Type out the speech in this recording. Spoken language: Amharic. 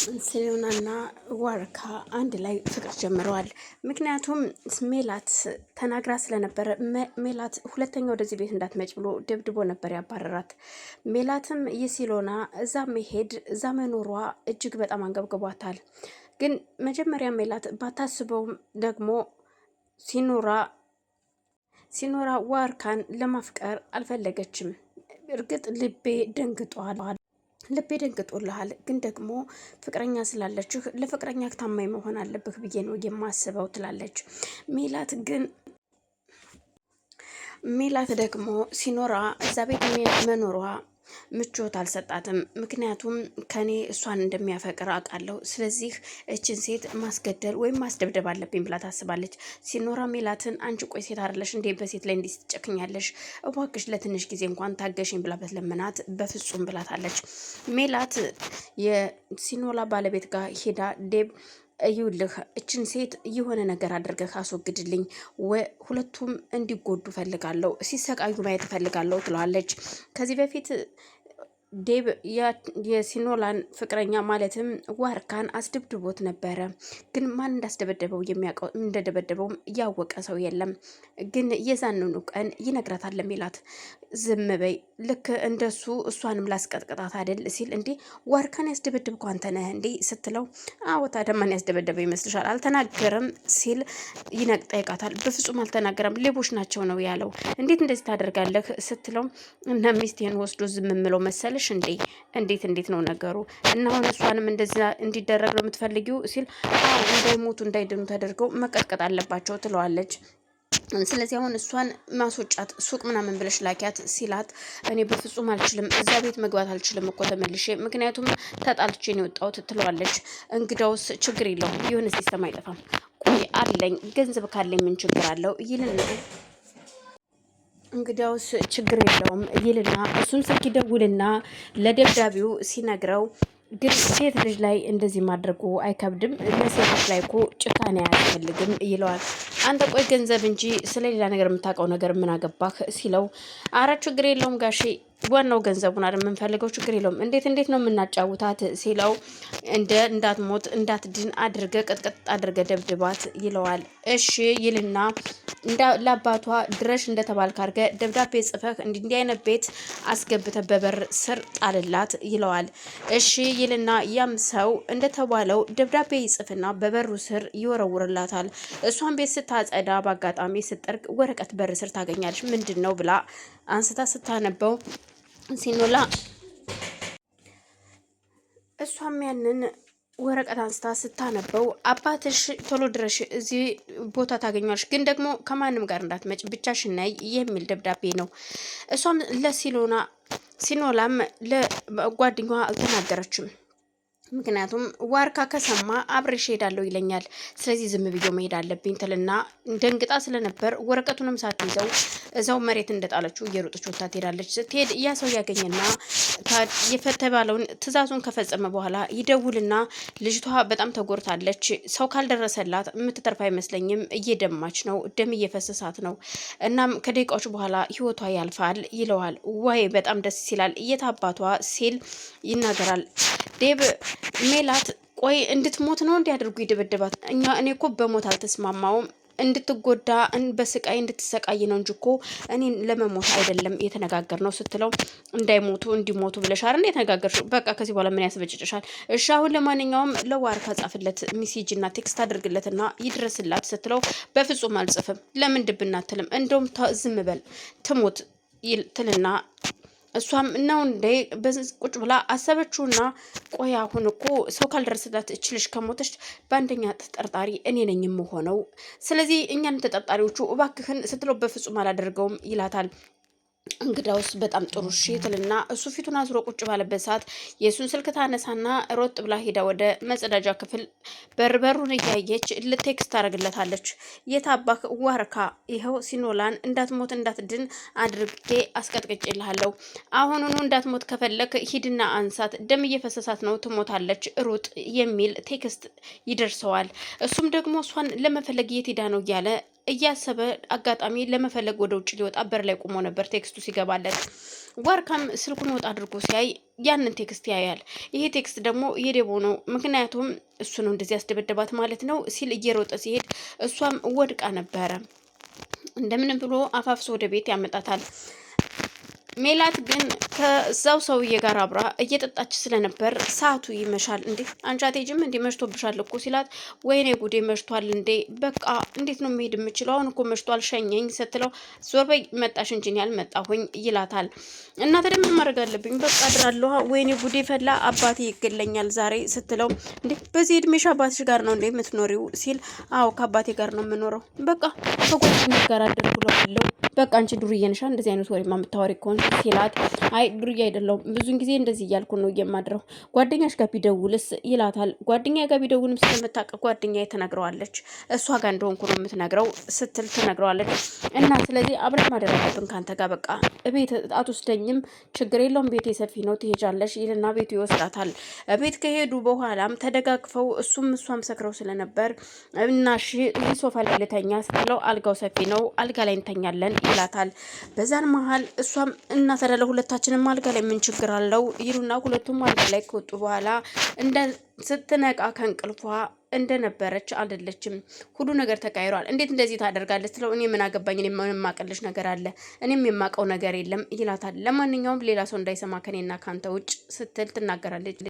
ሴዮናና ዋርካ አንድ ላይ ፍቅር ጀምረዋል። ምክንያቱም ሜላት ተናግራ ስለነበረ ሜላት ሁለተኛ ወደዚህ ቤት እንዳትመጭ ብሎ ደብድቦ ነበር ያባረራት። ሜላትም የሴሎና እዛ መሄድ እዛ መኖሯ እጅግ በጣም አንገብግቧታል። ግን መጀመሪያ ሜላት ባታስበውም ደግሞ ሲኖራ ሲኖራ ዋርካን ለማፍቀር አልፈለገችም። እርግጥ ልቤ ደንግጧል ልቤ ደንግጦልሃል፣ ግን ደግሞ ፍቅረኛ ስላለችህ ለፍቅረኛ ታማኝ መሆን አለብህ ብዬ ነው የማስበው ትላለች ሜላት ግን ሜላት ደግሞ ሲኖራ እዛ ቤት መኖሯ ምቾት አልሰጣትም። ምክንያቱም ከኔ እሷን እንደሚያፈቅር አውቃለሁ። ስለዚህ እችን ሴት ማስገደል ወይም ማስደብደብ አለብኝ ብላ ታስባለች። ሲኖራ ሜላትን አንቺ ቆይ ሴት አይደለሽ እንዴ በሴት ላይ እንዲህ ትጨክኛለሽ? እባክሽ ለትንሽ ጊዜ እንኳን ታገሽኝ ብላ በትለምናት በፍጹም ብላታለች። ሜላት የሲኖላ ባለቤት ጋር ሄዳ ዴብ ይውልህ እችን ሴት የሆነ ነገር አድርገህ አስወግድልኝ፣ ሁለቱም እንዲጎዱ ፈልጋለሁ፣ ሲሰቃዩ ማየት ፈልጋለሁ ትለዋለች። ከዚህ በፊት ዴብ የሲኖላን ፍቅረኛ ማለትም ዋርካን አስደብድቦት ነበረ። ግን ማን እንዳስደበደበው የሚያውቀው እንደደበደበውም ያወቀ ሰው የለም። ግን የዛንኑ ቀን ይነግራታል ለሚላት ዝም በይ ልክ እንደሱ እሷንም ላስቀጥቅጣት አይደል ሲል እንዴ ዋርካን ያስደበድብኩ አንተ ነህ እንዴ ስትለው አዎ ታዲያ ያስደበደበ ይመስልሻል አልተናገረም ሲል ይነቅ ጠይቃታል በፍጹም አልተናገረም ሌቦች ናቸው ነው ያለው እንዴት እንደዚህ ታደርጋለህ ስትለው እና ሚስቴን ወስዶ ዝም ምለው መሰልሽ እንዴ እንዴት እንዴት ነው ነገሩ እና አሁን እሷንም እንደዚያ እንዲደረግ ነው የምትፈልጊው ሲል አዎ እንዳይሞቱ እንዳይድኑ ተደርገው መቀጥቀጥ አለባቸው ትለዋለች ስለዚህ አሁን እሷን ማስወጫት ሱቅ ምናምን ብለሽ ላኪያት ሲላት፣ እኔ በፍጹም አልችልም፣ እዛ ቤት መግባት አልችልም እኮ ተመልሼ፣ ምክንያቱም ተጣልቼ ነው የወጣሁት ትለዋለች። እንግዳውስ ችግር የለው የሆነ ሲስተም አይጠፋም፣ ቆይ አለኝ፣ ገንዘብ ካለኝ ምን ችግር አለው ይልና እንግዲያውስ ችግር የለውም ይልና እሱም ስልክ ይደውልና ለደብዳቤው ሲነግረው ግን ሴት ልጅ ላይ እንደዚህ ማድረጉ አይከብድም፣ ለሴቶች ላይ እኮ ጭካኔ አያስፈልግም ይለዋል። አንተ ቆይ ገንዘብ እንጂ ስለሌላ ነገር የምታውቀው ነገር ምን አገባህ? ሲለው አረ ችግር የለውም ጋሼ፣ ዋናው ገንዘቡን አይደል የምንፈልገው፣ ችግር የለውም። እንዴት እንዴት ነው የምናጫውታት? ሲለው እንደ እንዳትሞት እንዳትድን አድርገ ቅጥቅጥ አድርገ ደብድባት ይለዋል። እሺ ይልና ለአባቷ ድረሽ እንደተባልክ አድርገ ደብዳቤ ጽፈህ እንዲህ አይነት ቤት አስገብተ በበር ስር ጣልላት ይለዋል። እሺ ይልና ያም ሰው እንደተባለው ደብዳቤ ይጽፍና በበሩ ስር ይወረውርላታል። እሷን ቤት ስታ ስታጸዳ በአጋጣሚ ስጠርቅ ወረቀት በር ስር ታገኛለች። ምንድን ነው ብላ አንስታ ስታነበው ሲኖላ እሷም ያንን ወረቀት አንስታ ስታነበው አባትሽ ቶሎ ድረሽ እዚህ ቦታ ታገኟልሽ፣ ግን ደግሞ ከማንም ጋር እንዳትመጭ ብቻሽን ነይ የሚል ደብዳቤ ነው። እሷም ሲኖላም ለጓደኛዋ አልተናገረችም። ምክንያቱም ዋርካ ከሰማ አብሬሽ ሄዳለሁ ይለኛል። ስለዚህ ዝም ብዬ መሄድ አለብኝ ትልና ደንግጣ ስለነበር ወረቀቱንም ሳትይዘው እዛው መሬት እንደጣለችው እየሮጠች ወታ ትሄዳለች። ስትሄድ ያ ሰው ያገኘና የተባለውን ትዕዛዙን ከፈጸመ በኋላ ይደውልና ልጅቷ በጣም ተጎርታለች ሰው ካልደረሰላት የምትተርፍ አይመስለኝም፣ እየደማች ነው፣ ደም እየፈሰሳት ነው። እናም ከደቂቃዎች በኋላ ህይወቷ ያልፋል ይለዋል። ወይ በጣም ደስ ይላል፣ የት አባቷ ሲል ይናገራል። ዴብ ሜላት ቆይ እንድትሞት ነው እንዲያደርጉ ይደበደባት። እኛ እኔ እኮ በሞት አልተስማማውም እንድትጎዳ በስቃይ እንድትሰቃይ ነው እንጂ እኮ እኔን ለመሞት አይደለም የተነጋገር ነው ስትለው እንዳይሞቱ እንዲሞቱ ብለሻል እንደ የተነጋገርሽው። በቃ ከዚህ በኋላ ምን ያስበጭጭሻል? እሺ አሁን ለማንኛውም ለዋርካ ጻፍለት ሚሴጅ እና ቴክስት አድርግለትና ይድረስላት ስትለው በፍጹም አልጽፍም። ለምን ድብናትልም? እንደውም ዝም በል ትሞት ትልና እሷም እናው እንዴ ቁጭ ብላ አሰበችውና፣ ቆይ አሁን እኮ ሰው ካልደረሰላት እችልሽ ከሞተች በአንደኛ ተጠርጣሪ እኔ ነኝ የምሆነው። ስለዚህ እኛን ተጠርጣሪዎቹ እባክህን ስትለው በፍጹም አላደርገውም ይላታል። እንግዳውስ በጣም ጥሩ እሺ ትልና እሱ ፊቱን አዝሮ ቁጭ ባለበት ሰዓት የእሱን ስልክ ታነሳና ሮጥ ብላ ሄዳ ወደ መጸዳጃ ክፍል በርበሩን እያየች ልቴክስት ታደርግለታለች። የታባክ ዋርካ ይኸው ሲኖላን እንዳትሞት እንዳትድን አድርጌ አስቀጥቅጭልሃለሁ። አሁኑኑ እንዳትሞት ከፈለክ ሂድና አንሳት፣ ደም እየፈሰሳት ነው፣ ትሞታለች፣ ሩጥ የሚል ቴክስት ይደርሰዋል። እሱም ደግሞ እሷን ለመፈለግ የት ሄዳ ነው እያለ እያሰበ አጋጣሚ ለመፈለግ ወደ ውጭ ሊወጣ በር ላይ ቁሞ ነበር። ቴክስቱ ሲገባለት ዋርካም ስልኩን ወጥ አድርጎ ሲያይ ያንን ቴክስት ያያል። ይሄ ቴክስት ደግሞ የደቦ ነው፣ ምክንያቱም እሱ ነው እንደዚህ ያስደበደባት ማለት ነው ሲል እየሮጠ ሲሄድ እሷም ወድቃ ነበረ። እንደምንም ብሎ አፋፍሶ ወደ ቤት ያመጣታል። ሜላት ግን ከዛው ሰውዬ ጋር አብራ እየጠጣች ስለነበር ሰዓቱ ይመሻል እንዴ አንቺ አትሄጂም እንዴ መሽቶብሻል እኮ ሲላት፣ ወይኔ ጉዴ መሽቷል እንዴ በቃ እንዴት ነው መሄድ የምችለው አሁን እኮ መሽቷል ሸኘኝ ስትለው፣ ዞር በይ መጣሽ እንጂ እኔ አልመጣሁኝ ይላታል። እናቴ ደግሞ ማድረግ አለብኝ በቃ አድራለሁ ወይኔ ጉዴ ፈላ አባቴ ይገለኛል ዛሬ ስትለው፣ እንዴ በዚህ እድሜሽ አባትሽ ጋር ነው እንዴ የምትኖሪው ሲል፣ አዎ ከአባቴ ጋር ነው የምኖረው በቃ ከጓደኞች ጋር አደርጉለዋለሁ በቃ አንቺ ዱርዬ ነሻ እንደዚህ አይነት ወሬማ የምታወሪ ከሆን ሲላት አይ ዱርዬ አይደለሁም ብዙን ጊዜ እንደዚህ እያልኩ ነው የማድረው ጓደኛሽ ጋር ቢደውልስ ይላታል። ጓደኛ ጋር ቢደውልም ስለምታውቅ ጓደኛ ትነግረዋለች። እሷ ጋር እንደሆንኩ ነው የምትነግረው ስትል ትነግረዋለች። እና ስለዚህ አብረን ማደር አለብን ከአንተ ጋር በቃ ቤት አትወስደኝም፣ ችግር የለውም ቤቴ ሰፊ ነው ትሄጃለሽ ይልና ቤቱ ይወስዳታል። ቤት ከሄዱ በኋላም ተደጋግፈው እሱም እሷም ሰክረው ስለነበር እና እሺ ሶፋ ላይ ልተኛ ስትለው አልጋው ሰፊ ነው አልጋ ላይ እንተኛለን ይላታል። በዛን መሀል እሷም እና ተደለ ሁለታችንም አልጋ ላይ ምን ችግር አለው ይሉና ሁለቱም አልጋ ላይ ከወጡ በኋላ እንደ ስትነቃ ከእንቅልፏ እንደነበረች አይደለችም። ሁሉ ነገር ተቀይሯል። እንዴት እንደዚህ ታደርጋለች ስለው እኔ ምን አገባኝ፣ የማቀልሽ ነገር አለ፣ እኔም የማቀው ነገር የለም ይላታል። ለማንኛውም ሌላ ሰው እንዳይሰማ ከኔና ካንተ ውጭ ስትል ትናገራለች።